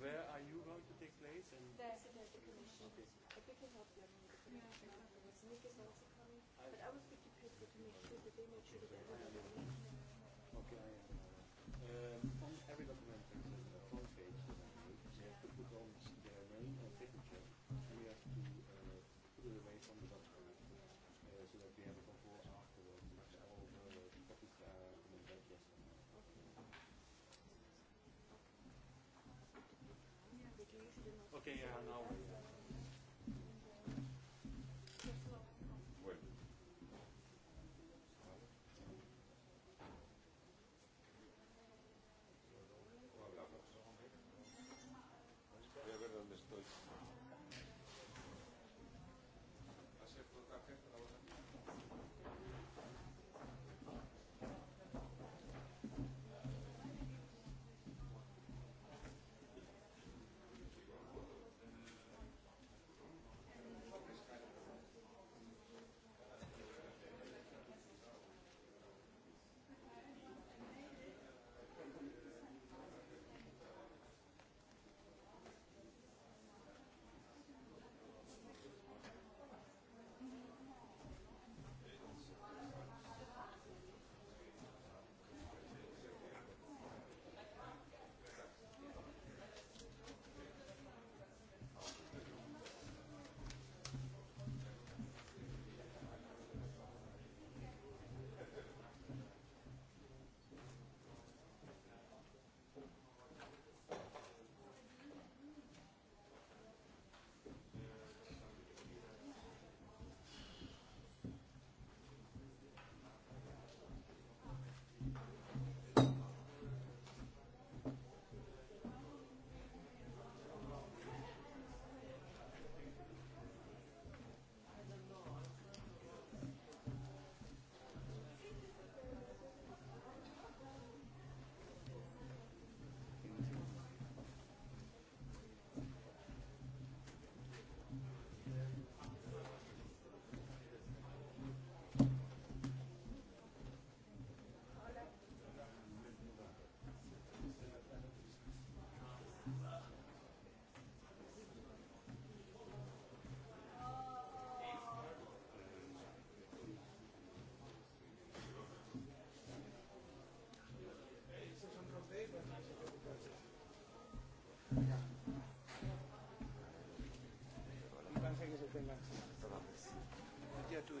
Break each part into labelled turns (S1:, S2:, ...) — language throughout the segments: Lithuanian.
S1: Where are you going to take place? And there's, there's a commission. Okay. I think it helps you. I mean, the commission yeah, afterwards. Nick is also coming. But I was looking paper to make sure that they made sure that everybody was mentioning. Okay, I am. Um, on every document that is on the front page that I made, you have to put on their name and signature, and you have to uh, put it away from the document uh, so that we have a control afterwards. All the copies are in the back, yes. Okay, yeah, now.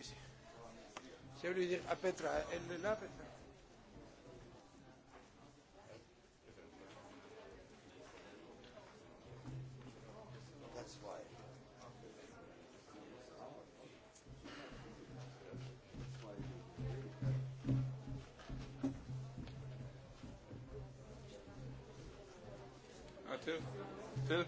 S1: ici. Je voulais dire à Petra, elle eh, est eh, là, Petra Till? Ah, Till?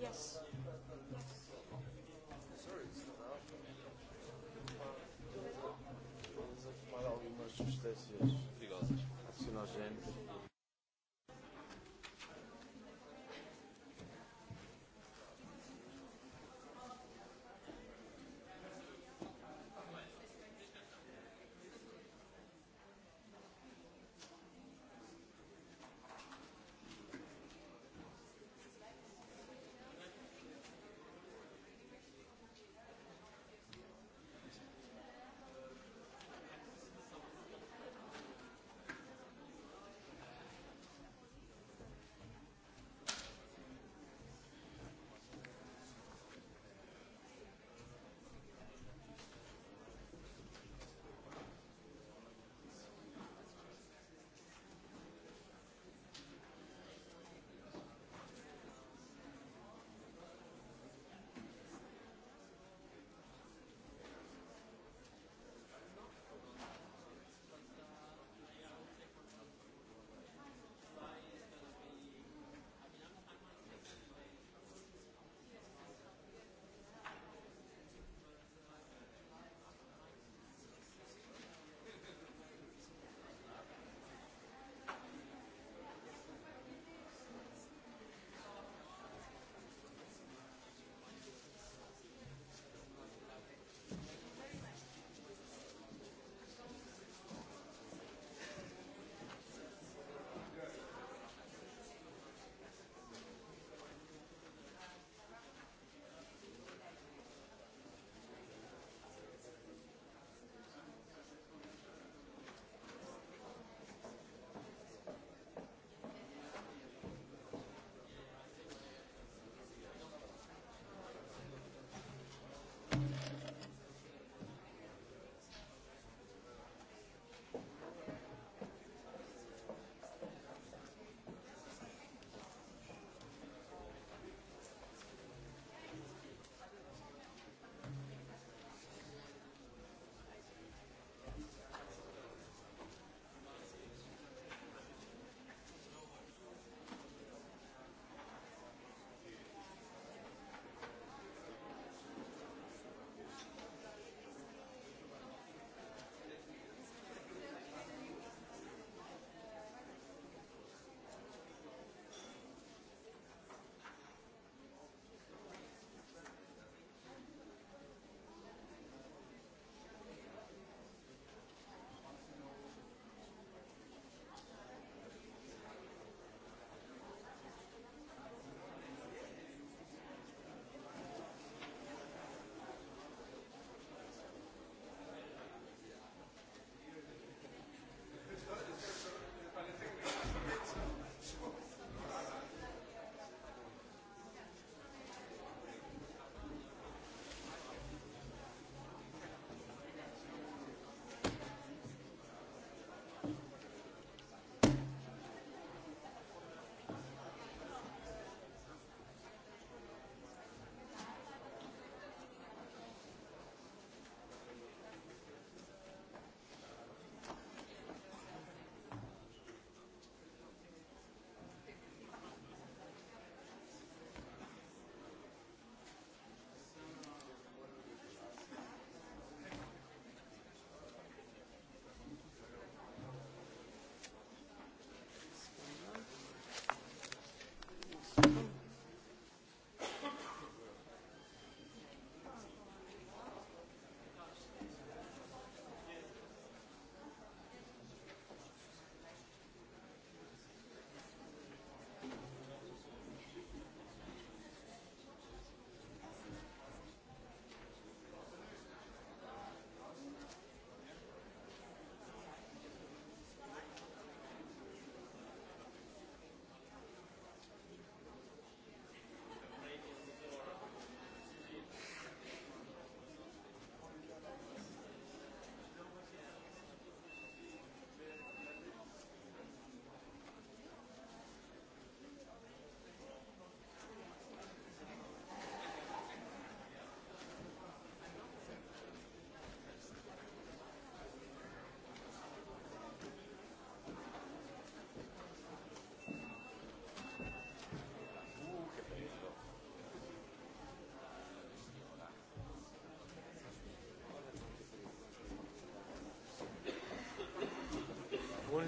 S1: Yes. Malawi umas substâncias perigosas, acionogénicas.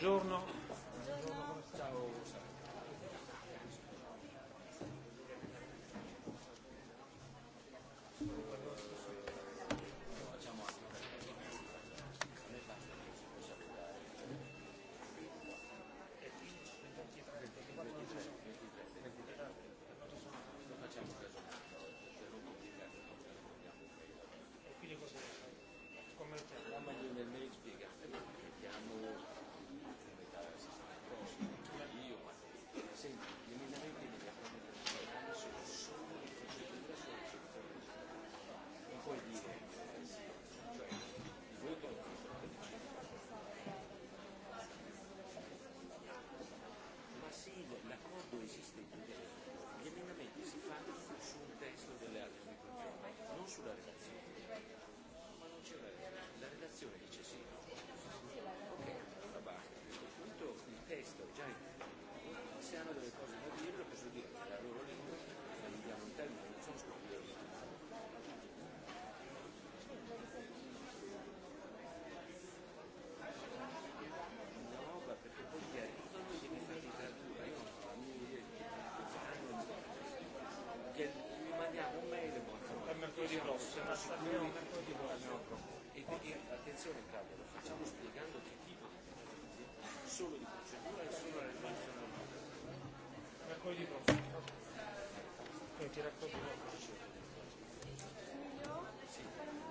S1: Buongiorno. passa fino a mercoledì prossimo. E, e attenzione Claudia, lo facciamo spiegando che tipo di solo di procedura e solo la risoluzione del Mercoledì prossimo. E ti racconto una cosa. Sì.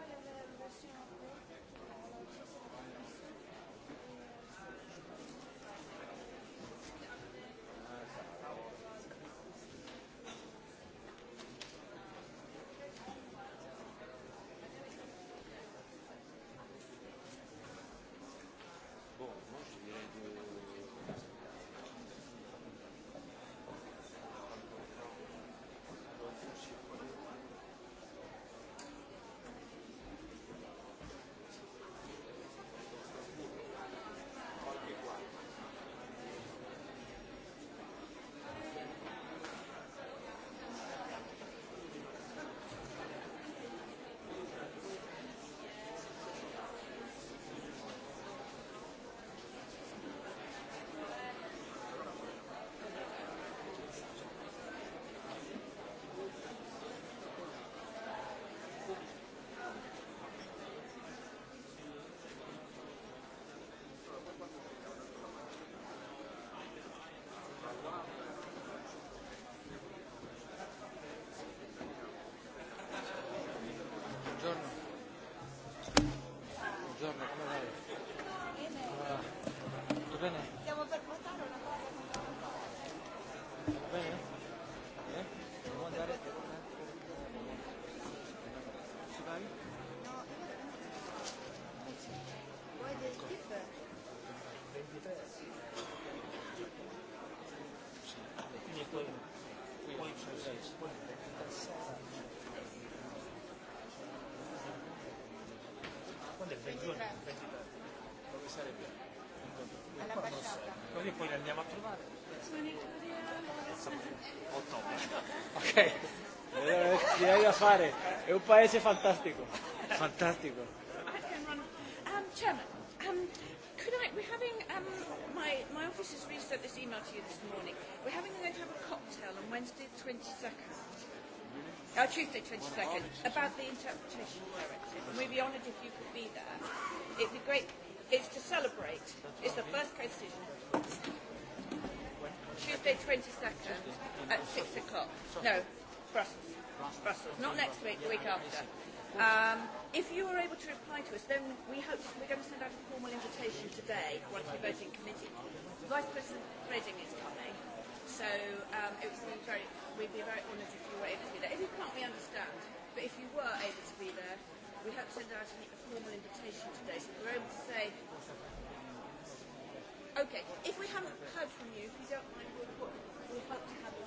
S1: Quando è il 21? 23. Dove sarebbe? All'ambasciata. Così poi li andiamo a trovare. Ottobre. Ok. Ci eh, hai da fare. È un paese fantastico. Fantastico. Um, chairman um, my, my office has resent this email to you this morning. We're having a, going to have a cocktail on Wednesday the 22nd. Oh, Tuesday 22nd, about the interpretation directive. And we'd be honoured if you could be there. It'd be great. It's to celebrate. It's the first case decision. Tuesday 22nd at 6 o'clock. No, Brussels. Brussels. Not next week, the week after. Um, if you are able to reply to us, then we hope we're going to send out a formal invitation today once we vote in committee. Vice President Redding is coming, so um, it would be very, we'd be very honoured if you were able to be there. If you can't, we understand. But if you were able to be there, we hope to send out a formal invitation today. So if you're able to say, okay, if we haven't heard from you, if you don't mind, we'll, we'll hope to have you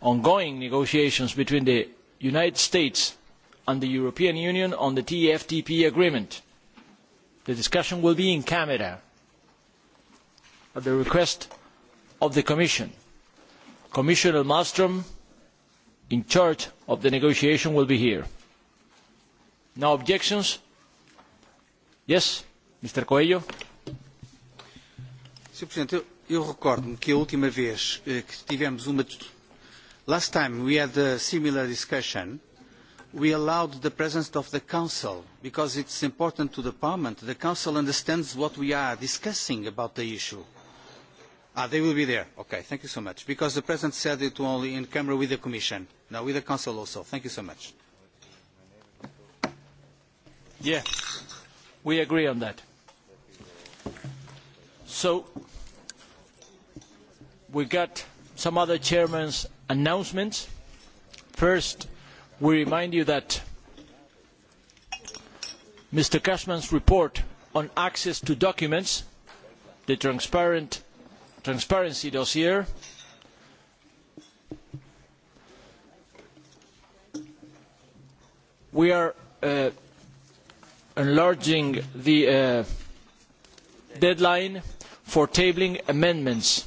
S1: ongoing negotiations between the United States and the European Union on the TFTP agreement. The discussion will be in camera at the request of the Commission. Commissioner Malmström, in charge of the negotiation, will be here. No objections? Yes, Mr. Coelho. Sr. Presidente, eu, eu recordo-me que a última vez eh, que tivemos uma Last time we had a similar discussion. We allowed the presence of the Council because it's important to the Parliament. The Council understands what we are discussing about the issue. Ah, they will be there. Okay, thank you so much. Because the President said it only in camera with the Commission. Now with the Council also. Thank you so much. Yeah, we agree on that. So, we got some other chairmans announcements. First, we remind you that Mr. Cashman's report on access to documents, the transparent, transparency dossier, we are uh, enlarging the uh, deadline for tabling amendments